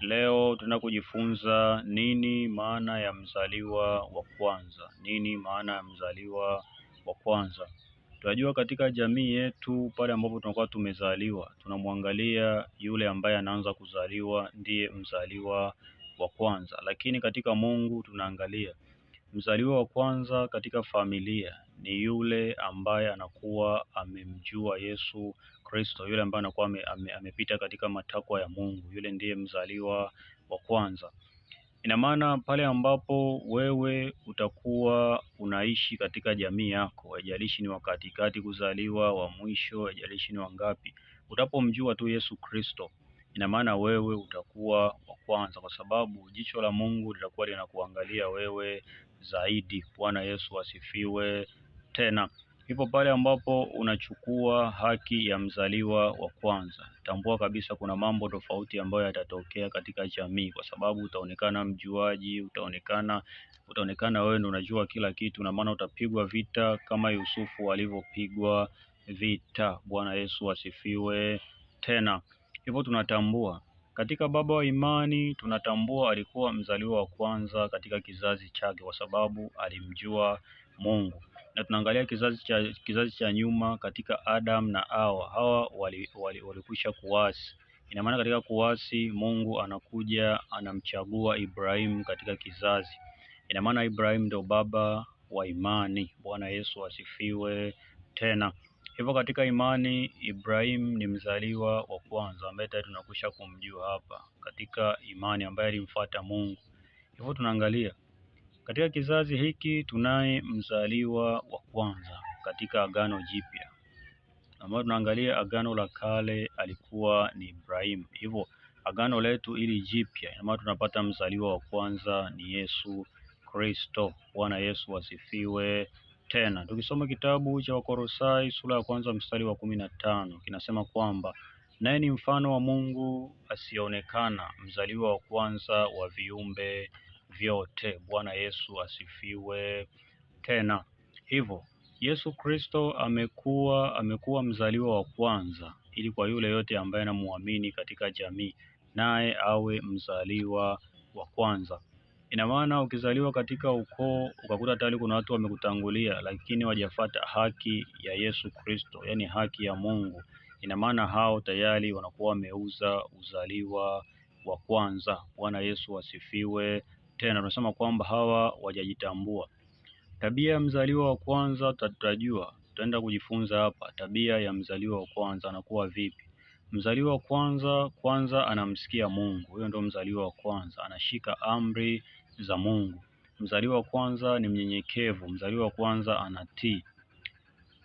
Leo tuna kujifunza nini maana ya mzaliwa wa kwanza. Nini maana ya mzaliwa wa kwanza? Tunajua katika jamii yetu pale ambapo tunakuwa tumezaliwa, tunamwangalia yule ambaye anaanza kuzaliwa ndiye mzaliwa wa kwanza, lakini katika Mungu tunaangalia mzaliwa wa kwanza katika familia ni yule ambaye anakuwa amemjua Yesu Kristo, yule ambaye anakuwa ame, ame, amepita katika matakwa ya Mungu, yule ndiye mzaliwa wa kwanza. Ina maana pale ambapo wewe utakuwa unaishi katika jamii yako, haijalishi ni kati kuzaliwa, wa mwisho, haijalishi ni wangapi, utapomjua tu Yesu Kristo, ina maana wewe utakuwa wa kwanza, kwa sababu jicho la Mungu litakuwa linakuangalia wewe zaidi. Bwana Yesu asifiwe tena ipo pale ambapo unachukua haki ya mzaliwa wa kwanza. Tambua kabisa kuna mambo tofauti ambayo yatatokea katika jamii, kwa sababu utaonekana mjuaji, utaonekana utaonekana wewe ndio unajua kila kitu, na maana utapigwa vita kama Yusufu alivyopigwa vita. Bwana Yesu asifiwe. Tena hivyo tunatambua katika baba wa imani, tunatambua alikuwa mzaliwa wa kwanza katika kizazi chake, kwa sababu alimjua Mungu na tunaangalia kizazi cha, kizazi cha nyuma katika Adam na Hawa. Hawa walikwisha wali, wali kuasi. Ina maana katika kuasi Mungu anakuja anamchagua Ibrahim katika kizazi. Ina maana Ibrahim ndio baba wa imani. Bwana Yesu asifiwe tena. Hivyo katika imani Ibrahim ni mzaliwa wa kwanza ambaye tayari tunakwisha kumjua hapa katika imani, ambaye alimfuata Mungu. Hivyo tunaangalia katika kizazi hiki tunaye mzaliwa wa kwanza katika Agano Jipya, ambayo tunaangalia Agano la Kale alikuwa ni Ibrahimu. Hivyo agano letu ili jipya, maana tunapata mzaliwa wa kwanza ni Yesu Kristo. Bwana Yesu asifiwe. Tena tukisoma kitabu cha Wakorosai sura ya kwanza mstari wa kumi na tano kinasema kwamba naye ni mfano wa Mungu asiyeonekana, mzaliwa wa kwanza wa viumbe vyote. Bwana Yesu asifiwe tena. Hivyo Yesu Kristo amekuwa amekuwa mzaliwa wa kwanza, ili kwa yule yote ambaye anamwamini katika jamii naye awe mzaliwa wa kwanza. Ina maana ukizaliwa katika ukoo ukakuta tayari kuna watu wamekutangulia, lakini wajafata haki ya Yesu Kristo, yaani haki ya Mungu, ina maana hao tayari wanakuwa wameuza uzaliwa wa kwanza. Bwana Yesu asifiwe tena tunasema kwamba hawa wajajitambua. Tabia ya mzaliwa wa kwanza tutajua, tutaenda kujifunza hapa tabia ya mzaliwa wa kwanza anakuwa vipi. Mzaliwa wa kwanza kwanza anamsikia Mungu, huyo ndio mzaliwa wa kwanza, anashika amri za Mungu. Mzaliwa wa kwanza ni mnyenyekevu, mzaliwa wa kwanza anatii.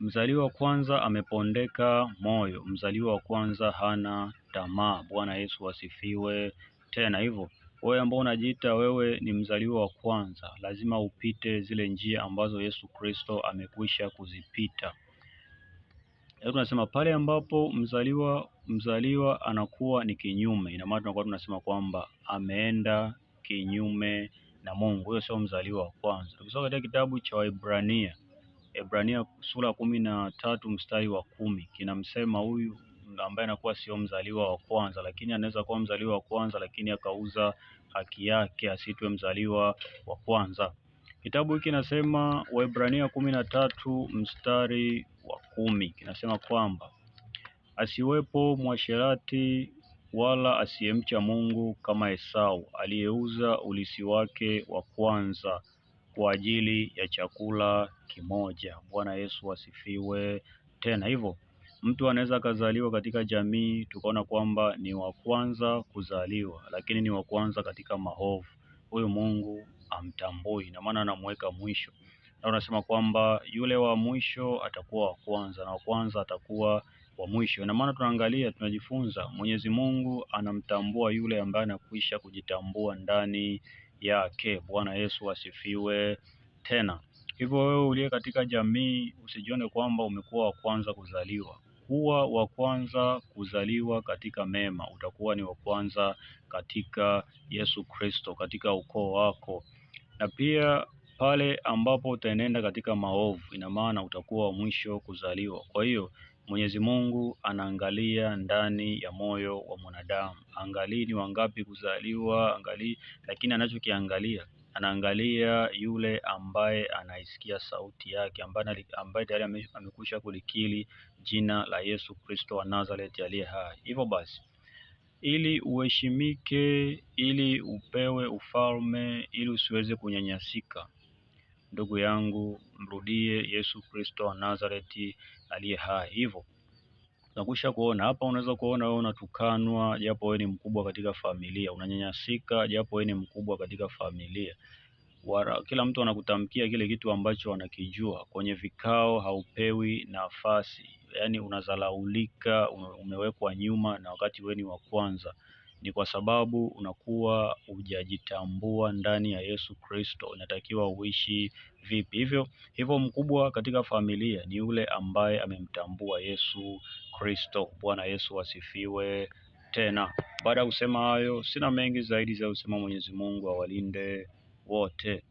Mzaliwa wa kwanza amepondeka moyo, mzaliwa wa kwanza hana tamaa. Bwana Yesu asifiwe. Tena hivyo wewe ambao unajiita wewe ni mzaliwa wa kwanza, lazima upite zile njia ambazo Yesu Kristo amekwisha kuzipita. Tunasema pale ambapo mzaliwa mzaliwa anakuwa ni kinyume, ina maana tunakuwa tunasema kwamba ameenda kinyume na Mungu, huyo sio mzaliwa wa kwanza. Tukisoma katika kitabu cha Waebrania Ebrania sura kumi na tatu mstari wa kumi kinamsema huyu ambaye anakuwa sio mzaliwa wa kwanza, lakini anaweza kuwa mzaliwa wa kwanza, lakini akauza haki yake asitwe mzaliwa wa kwanza. Kitabu hiki kinasema Waebrania kumi na tatu mstari wa kumi kinasema kwamba asiwepo mwasherati wala asiyemcha Mungu kama Esau aliyeuza ulisi wake wa kwanza kwa ajili ya chakula kimoja. Bwana Yesu asifiwe tena hivyo Mtu anaweza akazaliwa katika jamii tukaona kwamba ni wa kwanza kuzaliwa, lakini ni wa kwanza katika maovu. Huyu Mungu amtambui, na maana anamweka mwisho, na unasema kwamba yule wa mwisho atakuwa wa kwanza na wa kwanza atakuwa wa mwisho. Na maana tunaangalia, tunajifunza Mwenyezi Mungu anamtambua yule ambaye anakwisha kujitambua ndani yake. Bwana Yesu asifiwe tena. Hivyo wewe uliye katika jamii usijione kwamba umekuwa wa kwanza kuzaliwa kuwa wa kwanza kuzaliwa katika mema, utakuwa ni wa kwanza katika Yesu Kristo, katika ukoo wako. Na pia pale ambapo utaenenda katika maovu, ina maana utakuwa wa mwisho kuzaliwa. Kwa hiyo Mwenyezi Mungu anaangalia ndani ya moyo wa mwanadamu, angalii ni wangapi kuzaliwa, angalii, lakini anachokiangalia anaangalia yule ambaye anaisikia sauti yake, ambaye tayari amekwisha kulikili jina la Yesu Kristo wa Nazareti aliye hai. Hivyo basi ili uheshimike, ili upewe ufalme, ili usiweze kunyanyasika, ndugu yangu, mrudie Yesu Kristo wa Nazareti aliye hai. Hivyo nakusha kuona hapa, unaweza kuona wewe unatukanwa japo wewe ni mkubwa katika familia, unanyanyasika japo wewe ni mkubwa katika familia. Wara, kila mtu anakutamkia kile kitu ambacho anakijua. Kwenye vikao haupewi nafasi, yaani unazalaulika, umewekwa nyuma na wakati wewe ni wa kwanza ni kwa sababu unakuwa hujajitambua ndani ya Yesu Kristo, unatakiwa uishi vipi. Hivyo hivyo, mkubwa katika familia ni yule ambaye amemtambua Yesu Kristo. Bwana Yesu asifiwe. Tena baada ya kusema hayo, sina mengi zaidi za kusema. Mwenyezi Mungu awalinde wote.